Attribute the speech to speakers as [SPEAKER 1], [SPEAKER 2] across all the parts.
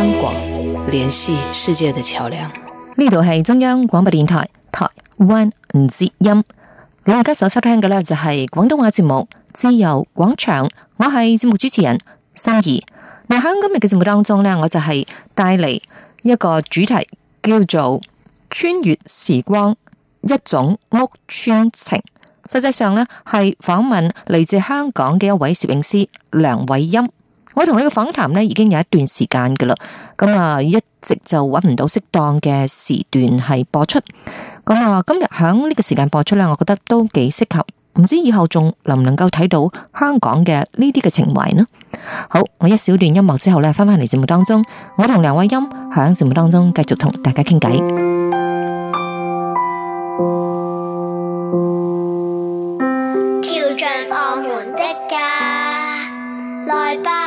[SPEAKER 1] 香港聯繫世界的橋樑，呢度係中央廣播電台台灣之音，你而家所收聽嘅咧就係廣東話節目《自由廣場》，我係節目主持人心儀。嗱，響今日嘅節目當中咧，我就係帶嚟一個主題叫做《穿越時光一種屋村情》，實際上咧係訪問嚟自香港嘅一位攝影師梁瑋鑫。我同佢嘅訪談咧已經有一段時間嘅啦，咁啊一直就揾唔到適當嘅時段係播出，咁啊今日喺呢個時間播出咧，我覺得都幾適合，唔知以後仲能唔能夠睇到香港嘅呢啲嘅情懷呢？好，我一小段音樂之後咧，返返嚟節目當中，我同梁偉鑫喺節目當中繼續同大家傾偈。
[SPEAKER 2] 跳進我們的家，來吧。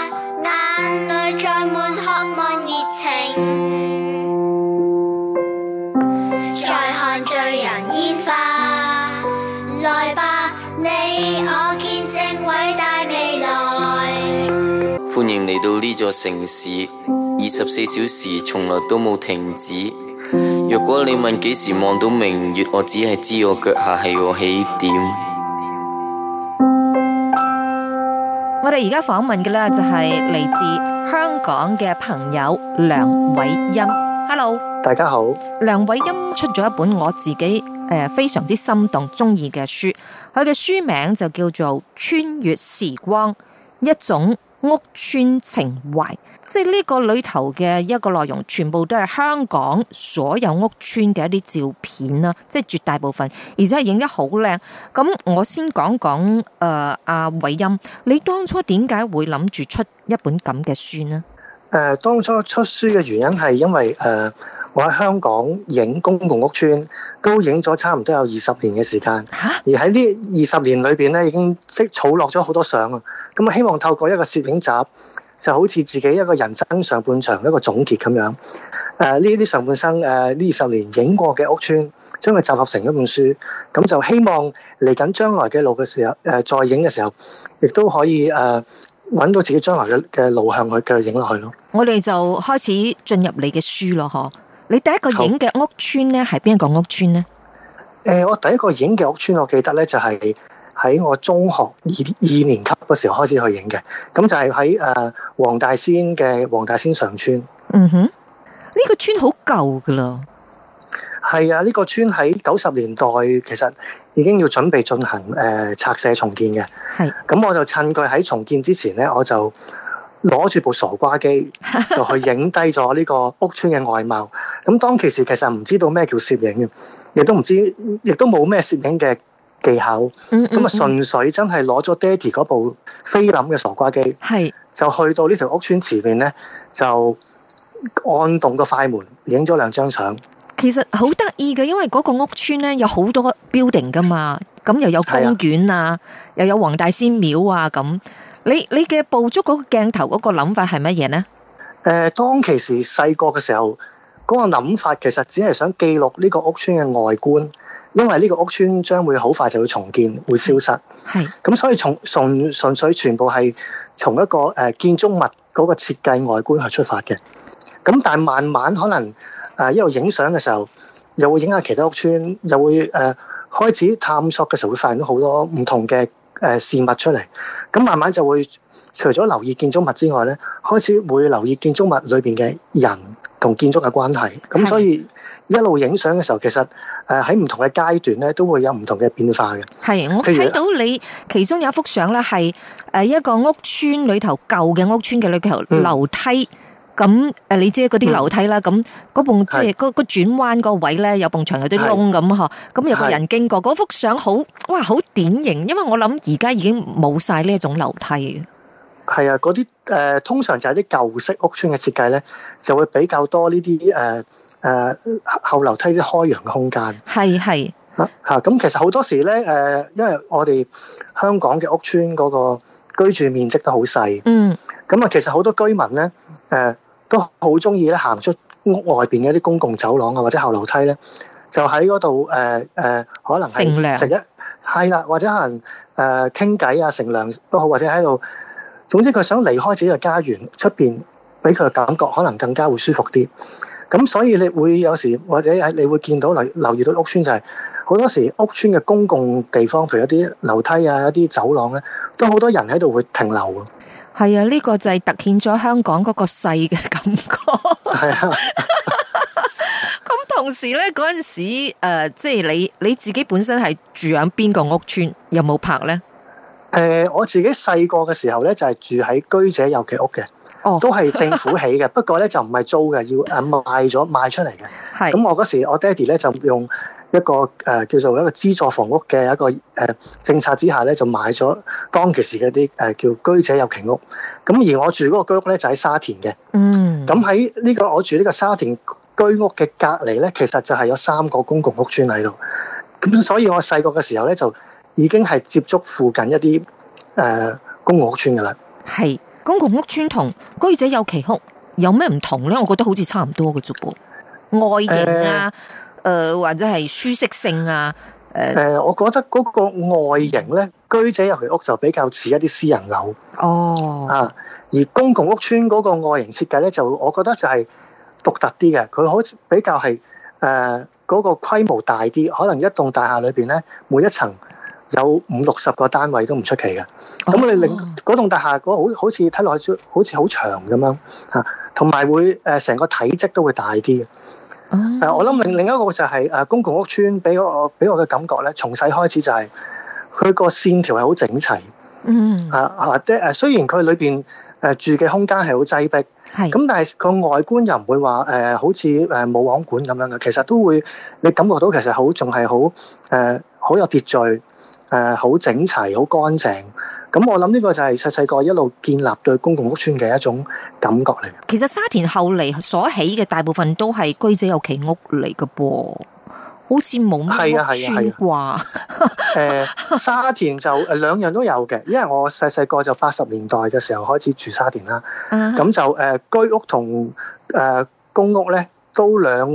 [SPEAKER 3] 呢座城市，二十四小時從來都冇停止。若果你問幾時望到明月，我只係知我腳下係我起
[SPEAKER 1] 點。我哋而家訪問嘅呢，就係嚟自香港嘅朋友梁瑋鑫。Hello，大家好。梁瑋鑫出咗一本我自己誒非常之心動、中意嘅書，佢嘅書名就叫做《邨越時光》，一種。屋村情懷，即係呢個裏頭嘅一個內容，全部都係香港所有屋村嘅一啲照片啦，即係絕大部分，而且係影得好靚。咁我先講講誒，阿偉鑫，你當初點解會諗住
[SPEAKER 4] 出一本咁嘅書呢？誒、呃，當初出書嘅原因係因為誒。呃我喺香港影公共屋邨，都影咗差唔多有二十年嘅時間。嚇、啊！而喺呢二十年裏邊咧，已經即係儲落咗好多相啊。咁啊，希望透過一個攝影集，就好似自己一個人生上半場一個總結咁樣。誒，呢啲上半生誒呢二十年影過嘅屋邨，將佢集合成一本書。咁就希望嚟緊將來嘅路嘅時候，誒再影嘅時候，亦都可以誒揾到自己將來嘅嘅路向去繼續影落去咯。
[SPEAKER 1] 我哋就開始進入你嘅書咯，嗬！
[SPEAKER 4] 你第一個影嘅屋村咧，係邊一個屋村咧？誒、呃，我第一個影嘅屋村，我記得咧就係喺我中學二二年級嗰時候開始去影嘅，咁就係喺誒黃大仙嘅黃大仙上村。嗯哼，呢、這個村好舊噶啦。係啊，呢、這個村喺九十年代其實已經要準備進行誒、呃、拆卸重建嘅。係，咁我就趁佢喺重建之前咧，我就。攞住部傻瓜機就去影低咗呢個屋村嘅外貌。咁當其時其實唔知道咩叫攝影嘅，亦都唔知，亦都冇咩攝影嘅技巧。咁啊，純粹真係攞咗爹哋嗰部菲林嘅傻瓜機，就去到呢條屋村前面咧，就按動個快門，影咗兩張相。
[SPEAKER 1] 其實好得意嘅，因為嗰個屋村咧有好多 building 噶嘛，咁又有公園啊，又有黃大仙廟啊咁。你你嘅捕捉嗰個鏡頭嗰個諗法係乜嘢呢？
[SPEAKER 4] 誒，當其時細個嘅時候，嗰個諗法其實只係想記錄呢個屋邨嘅外觀，因為呢個屋邨將會好快就會重建，會消失。係咁，所以從純純粹全部係從一個誒建築物嗰個設計外觀去出發嘅。咁但係慢慢可能誒一路影相嘅時候，又會影下其他屋邨，又會誒開始探索嘅時候，會發現到好多唔同嘅。誒事物出嚟，咁慢慢就會除咗留意建築物之外咧，開始會留意建築物裏邊嘅人同建築嘅關係，咁所以一路影相嘅時候，其實誒喺唔同嘅階段咧，都會有唔同嘅變化嘅。
[SPEAKER 1] 係，我睇到你其中有一幅相咧，係誒一個屋邨裏頭舊嘅屋邨嘅裏頭樓梯。嗯咁誒，你知嗰啲樓梯啦，咁嗰埲即係嗰個轉彎個位咧，有埲牆有啲窿咁呵，咁有個人經過，嗰幅相好哇，好典型，因為我諗而家已經冇晒呢一種樓梯
[SPEAKER 4] 嘅。係啊，嗰啲誒通常就係啲舊式屋村嘅設計咧，就會比較多呢啲誒誒後樓梯啲開揚嘅空間。係係嚇，咁其實好多時咧誒、呃，因為我哋香港嘅屋村嗰個居住面積都好細，嗯，咁啊，其實好多居民咧誒。呃都好中意咧行出屋外邊嘅一啲公共走廊啊、呃呃，或者後樓梯咧，就喺嗰度誒誒，可能係食一閪啦，或者可能誒傾偈啊，乘涼都好，或者喺度，總之佢想離開自己嘅家園，出邊俾佢嘅感覺可能更加會舒服啲。咁所以你會有時或者喺你會見到留意到屋邨就係、是、好多時屋邨嘅公共地方，譬如一啲樓梯啊、一啲走廊咧，都好多人喺度會停留。
[SPEAKER 1] 係啊，呢、這個就係突顯咗香港嗰個細嘅感覺。係啊
[SPEAKER 4] ，
[SPEAKER 1] 咁同時咧嗰陣時誒、呃，即係你你自己本身係住響邊個屋邨，有冇拍咧？
[SPEAKER 4] 誒、呃，我自己細個嘅時候咧，就係住喺居者有其屋嘅，哦，都係政府起嘅， 不過咧就唔係租嘅，要誒賣咗賣出嚟嘅。係，咁我嗰時我爹哋咧就用。一個誒，叫做一個資助房屋嘅一個誒政策之下咧，就買咗當其時嗰啲誒叫居者有其屋。咁而我住嗰個居屋咧，就喺沙田嘅。嗯。咁喺呢個我住呢個沙田居屋嘅隔籬咧，其實就係有三個公共屋邨喺度。咁所以我細個嘅時候咧，就已經係接觸附近一啲誒公共屋邨噶啦。係公
[SPEAKER 1] 共屋邨同居者有其屋有咩唔同咧？我覺得好似差唔多嘅啫噃，外形啊、呃。誒、呃，或者係
[SPEAKER 4] 舒適性
[SPEAKER 1] 啊！誒、呃呃，
[SPEAKER 4] 我覺得嗰個外形咧，居者有其屋就比較似一啲私人樓哦。啊，而公共屋邨嗰個外形設計咧，就我覺得就係獨特啲嘅。佢好似比較係誒嗰個規模大啲，可能一棟大廈裏邊咧，每一層有五六十個單位都唔出奇嘅。咁我哋另嗰棟大廈，好好似睇落去好似好長咁樣啊，同埋會誒成個體積都會大啲嘅。Oh. 我諗另另一個就係公共屋邨俾我俾我嘅感覺咧，從細開始就係佢個線條係好整齊，
[SPEAKER 2] 嗯、
[SPEAKER 4] mm. 啊啊，即雖然佢裏面住嘅空間係好擠迫，咁，但係個外觀又唔會話、呃、好似誒冇王管咁樣嘅，其實都會你感覺到其實好仲係好好有秩序，誒、呃、好整齊，好乾淨。咁我諗呢個就係細細個一路建立對公共屋邨嘅一種感覺嚟。
[SPEAKER 1] 其實沙田後嚟所起嘅大部分都係居者有其屋嚟㗎噃，好似冇乜邨。係啊，係啊，係
[SPEAKER 4] 啩。誒，沙田就誒兩樣都有嘅，因為我細細個就八十年代嘅時候開始住沙田啦。咁就誒居屋同誒公屋咧，都兩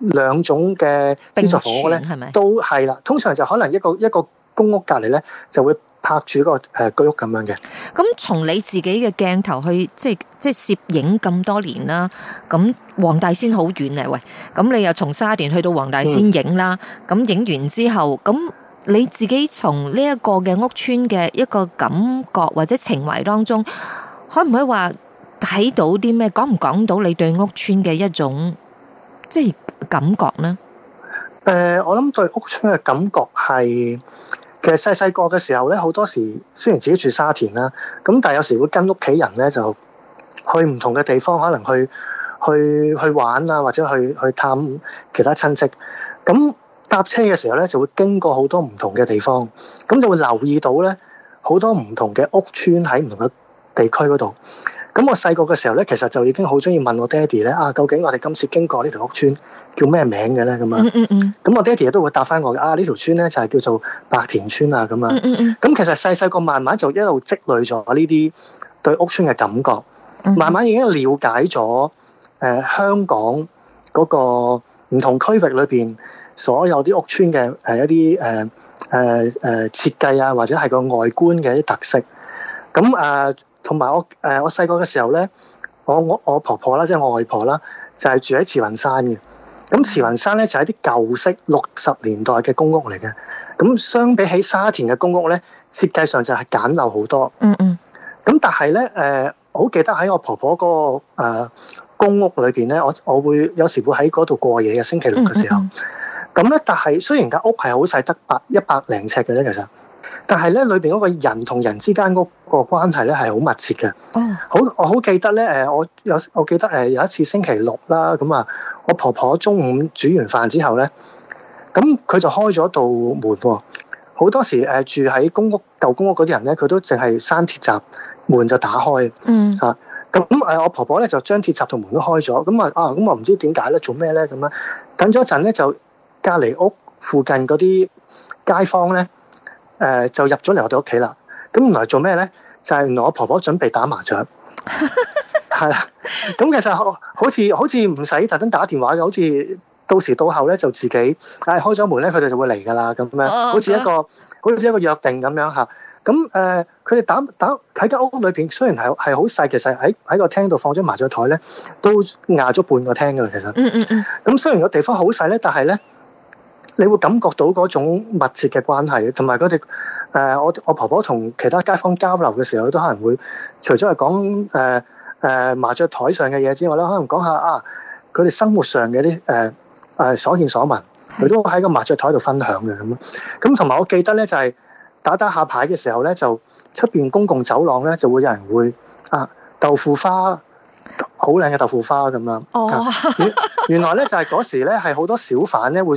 [SPEAKER 4] 兩種嘅資助房屋咧，係咪都係啦？通常就可能一個一個公屋隔籬咧，就會。拍住個誒個屋咁樣嘅，
[SPEAKER 1] 咁從你自己嘅鏡頭去即係即係攝影咁多年啦，咁黃大仙好遠嚟喂，咁你又從沙田去到黃大仙影啦，咁、嗯、影完之後，咁你自己從呢一個嘅屋村嘅一個感覺或者情懷當中，可唔可以話睇到啲咩？講唔講到你對屋村嘅一種即係感覺呢？
[SPEAKER 4] 誒，我諗對屋村嘅感覺係。其實細細個嘅時候咧，好多時雖然自己住沙田啦，咁但係有時會跟屋企人咧就去唔同嘅地方，可能去去去玩啊，或者去去探其他親戚。咁搭車嘅時候咧，就會經過好多唔同嘅地方，咁就會留意到咧好多唔同嘅屋邨喺唔同嘅地區嗰度。咁我細個嘅時候咧，其實就已經好鍾意問我爹哋咧啊，究竟我哋今次經過呢條屋邨叫咩名嘅咧？咁啊，咁我爹哋都會答返我嘅啊，呢條村咧就係叫做白田邨啊，咁啊，咁其實細細個慢慢就一路積累咗呢啲對屋邨嘅感覺，慢慢已經了解咗誒香港嗰個唔同區域裏邊所有啲屋邨嘅誒一啲誒誒誒設計啊，或者係個外觀嘅一啲特色，咁啊。同埋我誒，我細個嘅時候咧，我我我婆婆啦，即係我外婆啦，就係住喺慈雲山嘅。咁慈雲山咧就係啲舊式六十年代嘅公屋嚟嘅。咁相比起沙田嘅公屋咧，設計上就係簡陋好多。嗯嗯。咁但係咧誒，好記得喺我婆婆嗰個誒公屋裏面咧，我我會有時會喺嗰度過夜嘅星期六嘅時候。咁咧，嗯嗯，但係雖然間屋係好細，得百一百零尺嘅啫，其實。但係咧，裏邊嗰個人同人之間嗰個關係咧，係好密切嘅。好，我好記得咧，誒，我有我記得誒，有一次星期六啦，咁啊，我婆婆中午煮完飯之後咧，咁佢就開咗道門。好多時誒，住喺公屋舊公屋嗰啲人咧，佢都淨係閂鐵閘，門就打開。吓，咁，誒，我婆婆咧就將鐵閘同門都開咗。咁啊，啊，咁我唔知點解咧，做咩咧咁啊？等咗一陣咧，就隔籬屋附近嗰啲街坊咧。呃、就入咗嚟我哋屋企啦，咁原來做咩咧？就係、是、原來我婆婆準備打麻雀，係啦。 咁其實好似好似唔使特登打電話嘅，好似到時到後咧就自己，但係開咗門咧佢哋就會嚟噶啦，咁樣好似一個 好似一,一個約定咁樣吓。咁誒，佢哋打打喺間屋裏面，雖然係係好細，其實喺喺個廳度放咗麻雀台咧，都壓咗半個廳噶啦。其實，咁雖然個地方好細咧，但係咧。你會感覺到嗰種密切嘅關係，同埋佢哋誒，我我婆婆同其他街坊交流嘅時候，都可能會除咗係講誒誒麻雀台上嘅嘢之外咧，可能講下啊，佢哋生活上嘅啲誒誒所見所聞，佢都喺個麻雀台度分享嘅咁咁，同埋我記得咧，就係打打下牌嘅時候咧，就出邊公共走廊咧，就會有人會啊豆腐花，好靚嘅豆腐花咁樣。哦、oh. 原來咧就係嗰時咧係好多小販咧會。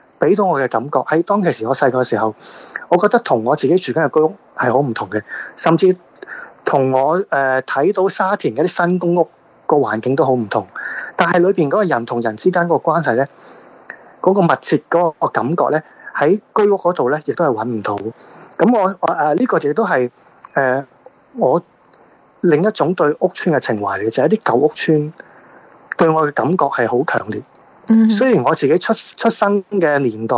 [SPEAKER 4] 俾到我嘅感覺喺當其時我細個嘅時候，我覺得同我自己住緊嘅居屋係好唔同嘅，甚至同我誒睇到沙田嗰啲新公屋個環境都好唔同。但係裏邊嗰個人同人之間個關係咧，嗰個密切嗰個感覺咧，喺居屋嗰度咧亦都係揾唔到嘅。咁我誒呢個亦都係誒我另一種對屋村嘅情懷嚟嘅，就係啲舊屋村對我嘅感覺係好強烈。雖然我自己出出生嘅年代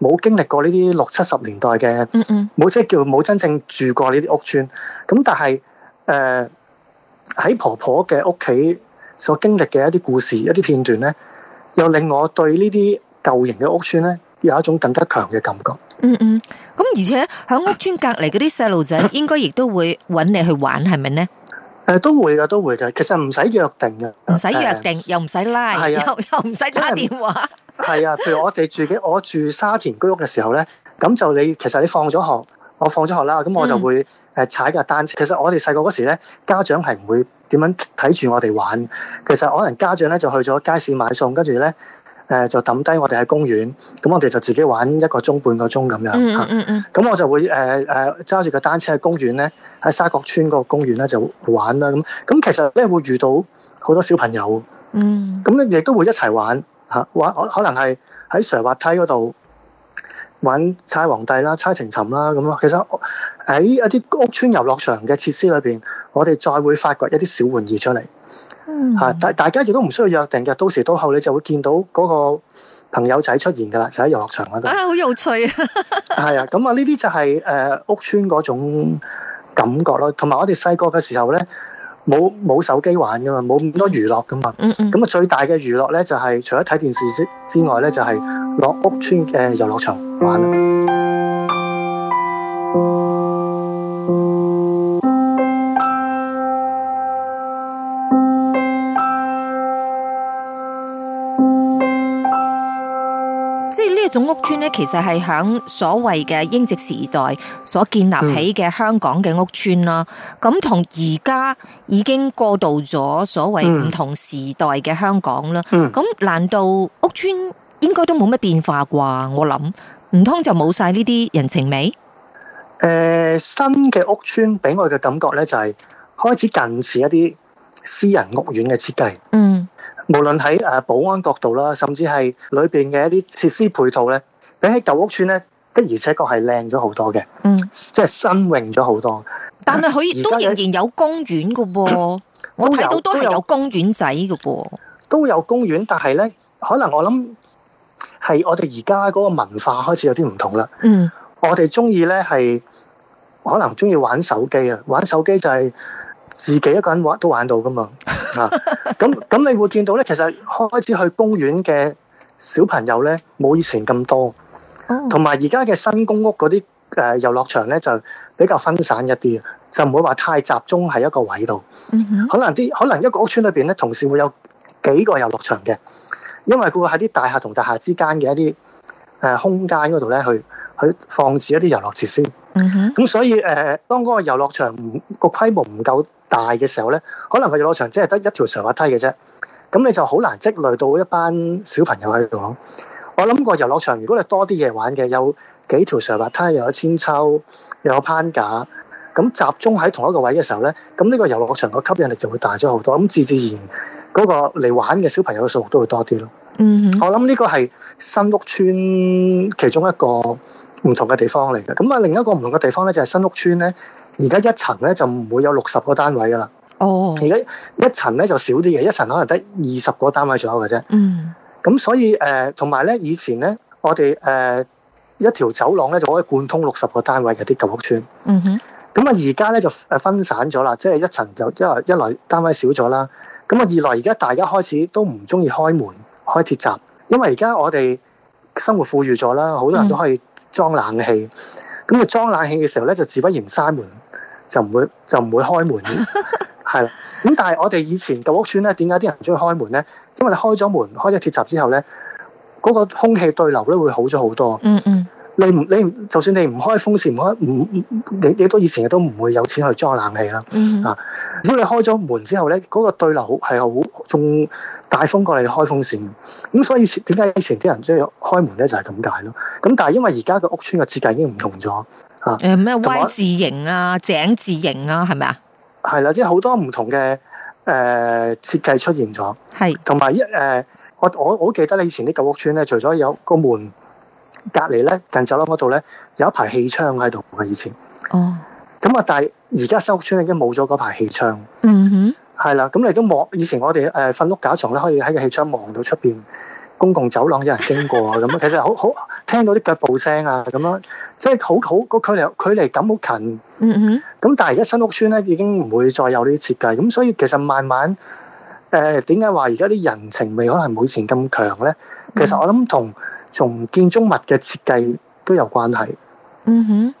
[SPEAKER 4] 冇經歷過呢啲六七十年代嘅，嗯嗯，冇即係叫冇真正住過呢啲屋邨，咁但係誒喺婆婆嘅屋企所經歷嘅一啲故事、一啲片段咧，又令我對呢啲舊型嘅屋邨咧有一種更加強嘅感覺。嗯嗯，
[SPEAKER 1] 咁而且喺屋邨隔籬嗰啲細路仔，應該亦都會揾你去玩，係咪呢？
[SPEAKER 4] 誒都會嘅，都會嘅。其實唔使約定嘅，唔使約定，
[SPEAKER 1] 呃、又唔使拉，啊、又唔使打電
[SPEAKER 4] 話。係啊，譬如我哋住嘅，我住沙田居屋嘅時候咧，咁就你其實你放咗學，我放咗學啦，咁我就會誒踩架單車。嗯、其實我哋細個嗰時咧，家長係唔會點樣睇住我哋玩嘅。其實可能家長咧就去咗街市買餸，跟住咧。誒就抌低我哋喺公園，咁我哋就自己玩一個鐘、半個鐘咁樣。咁、
[SPEAKER 2] mm
[SPEAKER 4] -hmm. 我就會誒誒揸住個單車喺公園咧，喺沙角邨嗰個公園咧就玩啦。咁，咁其實咧會遇到好多小朋友。嗯。咁咧亦都會一齊玩嚇，玩可能係喺瀡滑梯嗰度玩猜皇帝啦、猜情尋啦，咁其實喺一啲屋村遊樂場嘅設施裏面，我哋再會發掘一啲小玩意出嚟。吓、嗯，大、啊、大家亦都唔需要約定嘅，到時到候你就會見到嗰個朋友仔出現嘅啦，就喺遊樂場嗰度。啊，好有趣啊！係 啊，咁啊、就是，呢啲就係誒屋邨嗰種感覺咯。同埋我哋細個嘅時候咧，冇冇手機玩㗎嘛，冇咁多娛樂㗎嘛。嗯，嗯。咁啊，最大嘅娛樂咧就係、是、除咗睇電視之外咧，就係、是、落屋邨嘅遊樂場玩啦。
[SPEAKER 1] 屋邨咧，其實係響所謂嘅英殖時代所建立起嘅香港嘅屋邨啦。咁同而家已經過渡咗所謂唔同時代嘅香港啦。咁難道屋邨應該都冇咩變化啩？我諗唔通就冇晒呢啲人情
[SPEAKER 4] 味。誒，新嘅屋邨俾我嘅感覺咧，就係開始近似一啲私人屋苑嘅設計。嗯。無論喺誒保安角度啦，甚至係裏邊嘅一啲設施配套咧，比起舊屋村咧，的而且確係靚咗好多嘅。嗯，即係新穎咗好多。
[SPEAKER 1] 但係佢都仍然
[SPEAKER 4] 有公園㗎喎，我睇到都係有公園仔㗎喎。都有公園，但係咧，可能我諗係我哋而家嗰個文化開始有啲唔同啦。嗯，我哋中意咧係可能中意玩手機啊，玩手機就係。自己一個人玩都玩到㗎嘛， 啊，咁咁你會見到咧，其實開始去公園嘅小朋友咧，冇以前咁多，同埋而家嘅新公屋嗰啲誒遊樂場咧就比較分散一啲，就唔會話太集中喺一個位度，mm -hmm. 可能啲可能一個屋村裏邊咧，同時會有幾個遊樂場嘅，因為佢會喺啲大廈同大廈之間嘅一啲誒空間嗰度咧，去去放置一啲遊樂設施。咁所以誒、呃，當嗰個遊樂場個規模唔夠大嘅時候咧，可能個遊樂場只係得一條滑梯嘅啫，咁你就好難積累到一班小朋友喺度。我諗個遊樂場，如果你多啲嘢玩嘅，有幾條滑梯，又有韆鞦，又有攀架，咁集中喺同一個位嘅時候咧，咁呢個遊樂場個吸引力就會大咗好多。咁自自然嗰個嚟玩嘅小朋友嘅數目都會多啲咯。嗯、mm -hmm.，我諗呢個係新屋邨其中一個，唔同嘅地方嚟嘅，咁啊，另一個唔同嘅地方咧就係、是、新屋邨咧，而家一層咧就唔會有六十個單位噶啦。哦，而家一層咧就少啲嘢，一層可能得二十個單位左右嘅啫。
[SPEAKER 2] 嗯，
[SPEAKER 4] 咁所以誒，同埋咧，以前咧，我哋誒、呃、一條走廊咧就可以貫通六十個單位嘅啲舊屋邨。嗯、
[SPEAKER 2] mm、哼 -hmm.，
[SPEAKER 4] 咁啊，而家咧就誒分散咗啦，即、就、係、是、一層就一來一來單位少咗啦，咁啊，二來而家大家開始都唔中意開門開鐵閘，因為而家我哋生活富裕咗啦，好多人都可以、mm。-hmm. 裝冷氣，咁啊裝冷氣嘅時候咧就自不然閂門，就唔會就唔會開門，係 啦。咁但係我哋以前舊屋村咧，點解啲人唔中意開門咧？因為你開咗門，開咗鐵閘之後咧，嗰個空氣對流咧會好咗好多。嗯嗯。你唔你就算你唔開風扇，唔開唔你你都以前嘅都唔會有錢去裝冷氣啦。嗯啊，只要你開咗門之後咧，嗰個對流好係好，仲大風過你開風扇。咁所以點解以前啲人中意開門咧，就係咁解咯。咁但係因為而家嘅屋村嘅設計已經唔同咗
[SPEAKER 1] 啊。誒咩歪字形啊、井字形啊，係咪啊？
[SPEAKER 4] 係啦，即係好多唔同嘅誒、呃、設計出現咗。係同埋一誒，我我我記得你以前啲舊屋村咧，除咗有個門。隔籬咧，近走廊嗰度咧，有一排氣窗喺度嘅。以前哦，咁啊，但係而家新屋村已經冇咗嗰排氣窗。嗯哼，係啦。咁你都望，以前我哋誒瞓碌架床咧，可以喺個氣窗望到出邊公共走廊有人經過啊。咁其實好好聽到啲腳步聲啊，咁樣即係好好個距離距離感好近。嗯嗯，咁但係而家新屋村咧，已經唔會再有呢啲設計。咁所以其實慢慢誒，點解話而家啲人情味可能冇以前咁強咧？其實我諗同。從建築物嘅設計都有關係。
[SPEAKER 1] 嗯哼，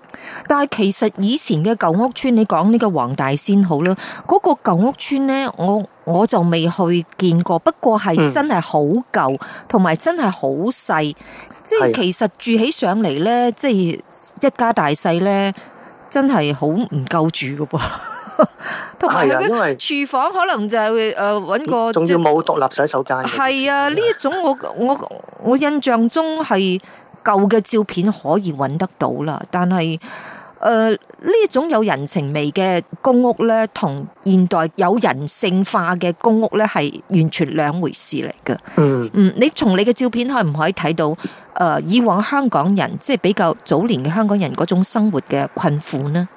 [SPEAKER 1] 但係其實以前嘅舊屋村，你講呢個黃大仙好啦，嗰個舊屋村呢，我我就未去見過，不過係真係好舊，同埋真係好細。即係其實住起上嚟呢，即係一家大細呢，真係好唔夠住噶噃。同埋，因為廚房可能就係誒揾個，仲要冇獨立洗手間。係啊，呢一、啊、種我我我印象中係舊嘅照片可以揾得到啦。但係誒呢一種有人情味嘅公屋呢，同現代有人性化嘅公屋呢，係完全兩回事嚟嘅。嗯，你從你嘅照片可唔可以睇到誒、呃、以往香港人即係、就是、比較早年嘅香港人嗰種生活嘅
[SPEAKER 4] 困苦呢？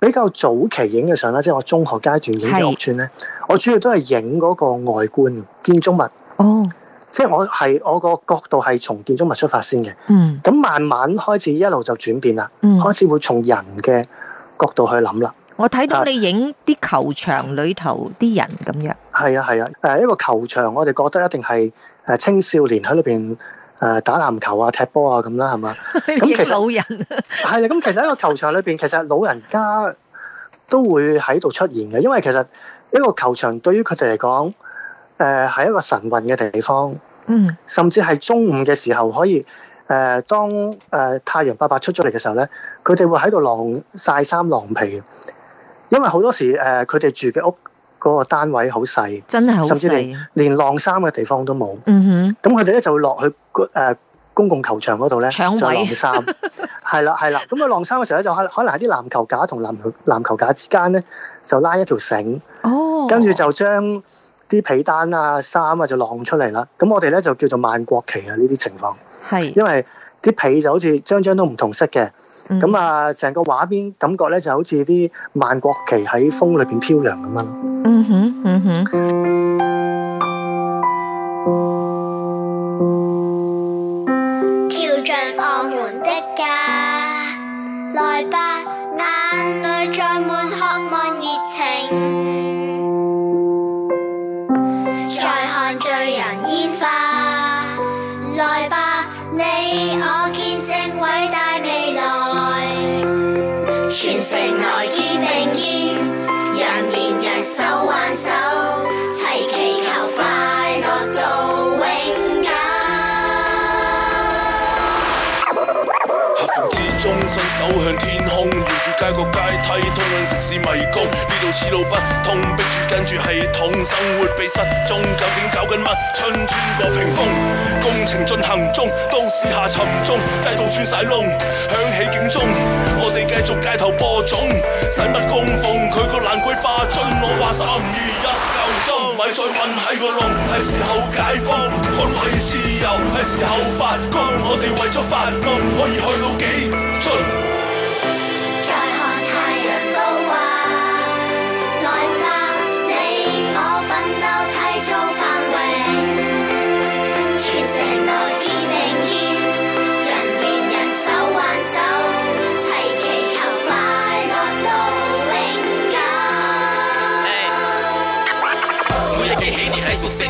[SPEAKER 4] 比較早期影嘅相咧，即係我中學階段影嘅屋邨咧，我主要都係影嗰個外觀建築物。哦，即係我係我個角度係從建築物出發先嘅。嗯，咁慢慢開始一路就轉變啦。嗯，開始會從人嘅角度去諗啦。我睇到你影啲球場裏頭啲人咁樣。係啊，係啊，誒，啊啊啊，一個球場，我哋覺得一定係誒青少年喺裏邊。誒，打籃球啊，踢波啊，咁啦，係嘛？咁其實老人係啦，咁 其實喺個球場裏邊，其實老人家都會喺度出現嘅，因為其實一個球場對於佢哋嚟講，誒、呃、係一個神運嘅地方。嗯，甚至係中午嘅時候，可以誒，當誒太陽伯伯出咗嚟嘅時候咧，佢哋會喺度晾晒衫晾皮，因為好多時誒，佢哋住嘅屋。嗰、那個單位好細，真係好細，甚至連晾衫嘅地方都冇。嗯哼，咁佢哋咧就落去誒、呃、公共球場嗰度咧，就晾、是、衫。係 啦，係啦。咁佢晾衫嘅時候咧，就可可能喺啲籃球架同籃籃球架之間咧，就拉一條繩。哦，跟住就將啲被單啊、衫啊就晾出嚟啦。咁我哋咧就叫做萬國旗啊，呢啲情況係因為啲被就好似張張都唔同色嘅。咁啊，成個畫面感覺咧，就好似啲萬國旗喺風裏邊飄揚咁樣。
[SPEAKER 2] 嗯哼，嗯哼。跳進我
[SPEAKER 1] 們的家，
[SPEAKER 2] 來吧，眼淚再滿渴望熱情。
[SPEAKER 3] 一個階梯通往城市迷宮，呢度此路不通。逼住跟住系統，生活被失蹤。究竟搞緊乜？春穿過屏風，工程進行中，都市下沉中，街道穿曬窿，響起警鐘。我哋繼續街頭播種，使乜供奉佢個爛鬼花樽？我話三二一夠鐘，咪再困喺個籠，係時候解放，可唔可以自由，係時候發光。我哋為咗發光，可以去到幾？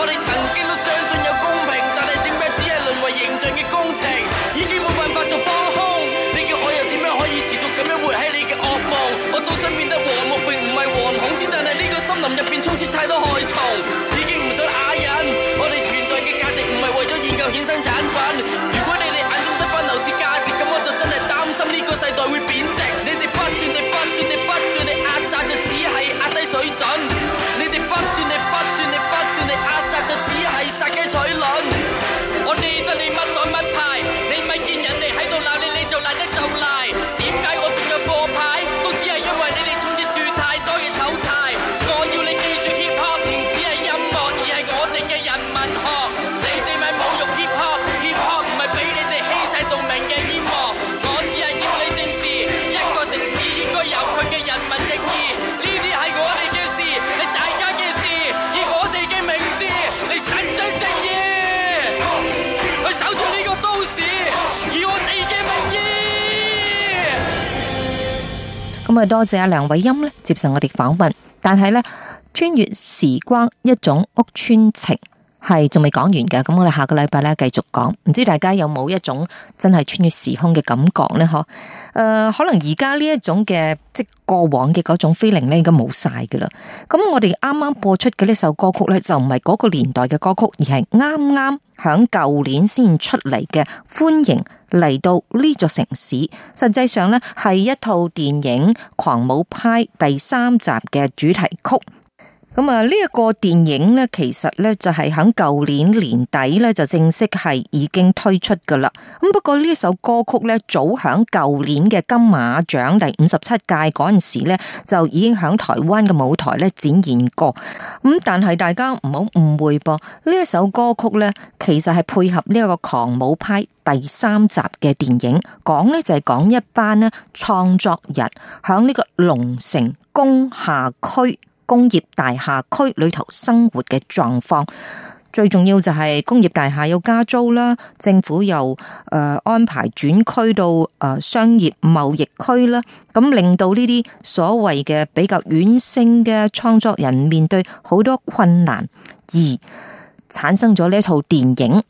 [SPEAKER 3] 我哋曾經都相信有公平，但係點解只係淪為形象嘅工程？已經冇辦法做幫凶，你叫我又點樣可以持續咁樣活喺你嘅惡夢？我都想變得和睦，並唔係惶恐之，只但係呢個森林入邊充斥太多害蟲，已經唔想啞忍。我哋存在嘅價值唔係為咗研究衍生產品。如果你哋眼中得翻樓市價值，咁我就真係擔心呢個世代會變。
[SPEAKER 1] 咁啊，多謝阿梁瑋鑫咧接受我哋訪問。但係咧，穿越時光一種屋村情係仲未講完嘅。咁我哋下個禮拜咧繼續講。唔知大家有冇一種真係穿越時空嘅感覺咧？嗬？誒，可能而家呢一種嘅即過往嘅嗰種 feeling 咧，已經冇晒噶啦。咁我哋啱啱播出嘅呢首歌曲咧，就唔係嗰個年代嘅歌曲，而係啱啱響舊年先出嚟嘅歡迎嚟到呢座城市，實際上咧，係一套電影《狂舞派》第三集嘅主題曲。咁啊，呢一個電影咧，其實咧就係響舊年年底咧就正式係已經推出噶啦。咁不過呢一首歌曲咧，早響舊年嘅金馬獎第五十七屆嗰陣時咧就已經響台灣嘅舞台咧展現過。咁但係大家唔好誤會噃，呢一首歌曲咧其實係配合呢一個狂舞派第三集嘅電影，講咧就係講一班咧創作人響呢個龍城工廈區工業大廈區裏頭生活嘅狀況，最重要就係工業大廈要加租啦，政府又誒安排轉區到誒商業貿易區啦，咁令到呢啲所謂嘅比較軟性嘅創作人面對好多困難，而產生咗呢一套電影。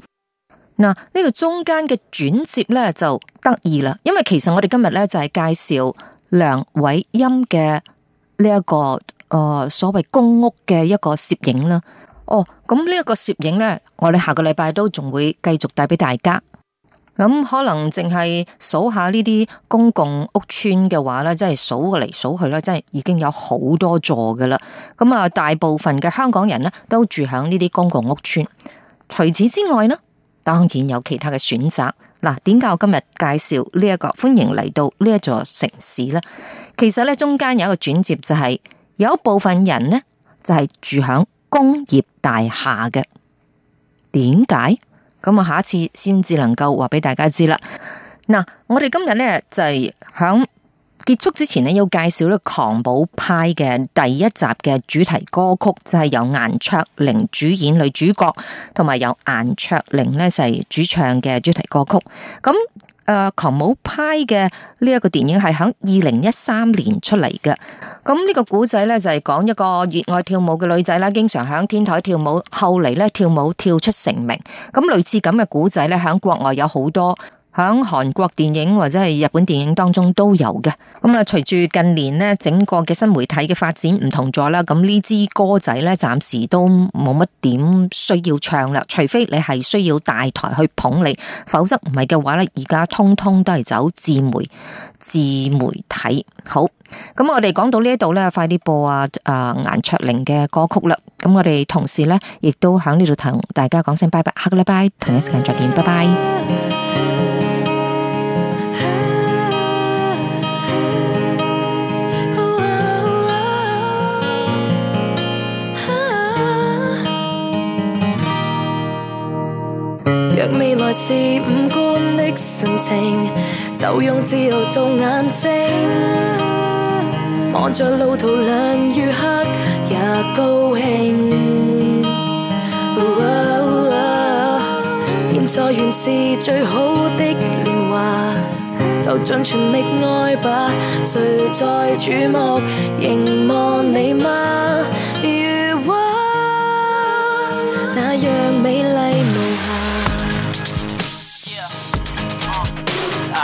[SPEAKER 1] 嗱、啊，呢、這個中間嘅轉接咧就得意啦，因為其實我哋今日咧就係介紹梁瑋鑫嘅呢一個。誒、哦，所謂公屋嘅一個攝影啦，哦，咁呢一個攝影呢，我哋下個禮拜都仲會繼續帶俾大家。咁可能淨係數下呢啲公共屋邨嘅話呢，即係數過嚟數去呢，真係已經有好多座㗎啦。咁啊，大部分嘅香港人呢都住喺呢啲公共屋邨。除此之外呢，當然有其他嘅選擇。嗱，點解我今日介紹呢一個？歡迎嚟到呢一座城市呢。其實呢，中間有一個轉接就係、是。有一部分人呢，就係住喺工業大廈嘅，點解？咁我下次先至能夠話俾大家知啦。嗱，我哋今日呢就係響結束之前呢，要介紹《呢狂舞派》嘅第一集嘅主題歌曲，就係由顏卓靈主演女主角，同埋由顏卓靈呢就係主唱嘅主題歌曲，咁。誒，狂舞派嘅呢一個電影係喺二零一三年出嚟嘅。咁呢個古仔咧就係講一個熱愛跳舞嘅女仔啦，經常喺天台跳舞，後嚟咧，跳舞跳出成名。咁類似咁嘅古仔咧喺國外有好多。響韓國電影或者係日本電影當中都有嘅。咁啊，隨住近年咧，整個嘅新媒體嘅發展唔同咗啦，咁呢支歌仔呢，暫時都冇乜點需要唱啦，除非你係需要大台去捧你，否則唔係嘅話呢，而家通通都係走自媒自媒體。好，咁我哋講到呢一度呢，快啲播啊啊顏卓靈嘅歌曲啦。咁我哋同事呢，亦都響呢度同大家講聲拜拜，下個禮拜同一時間再見，拜拜。
[SPEAKER 5] 未來是五官的神情，就用自由做眼睛，望着路途冷與黑也高興。現 fey 在原是最好的年華，就盡全力愛吧。誰在注目凝望你嗎？如畫那樣美麗無瑕。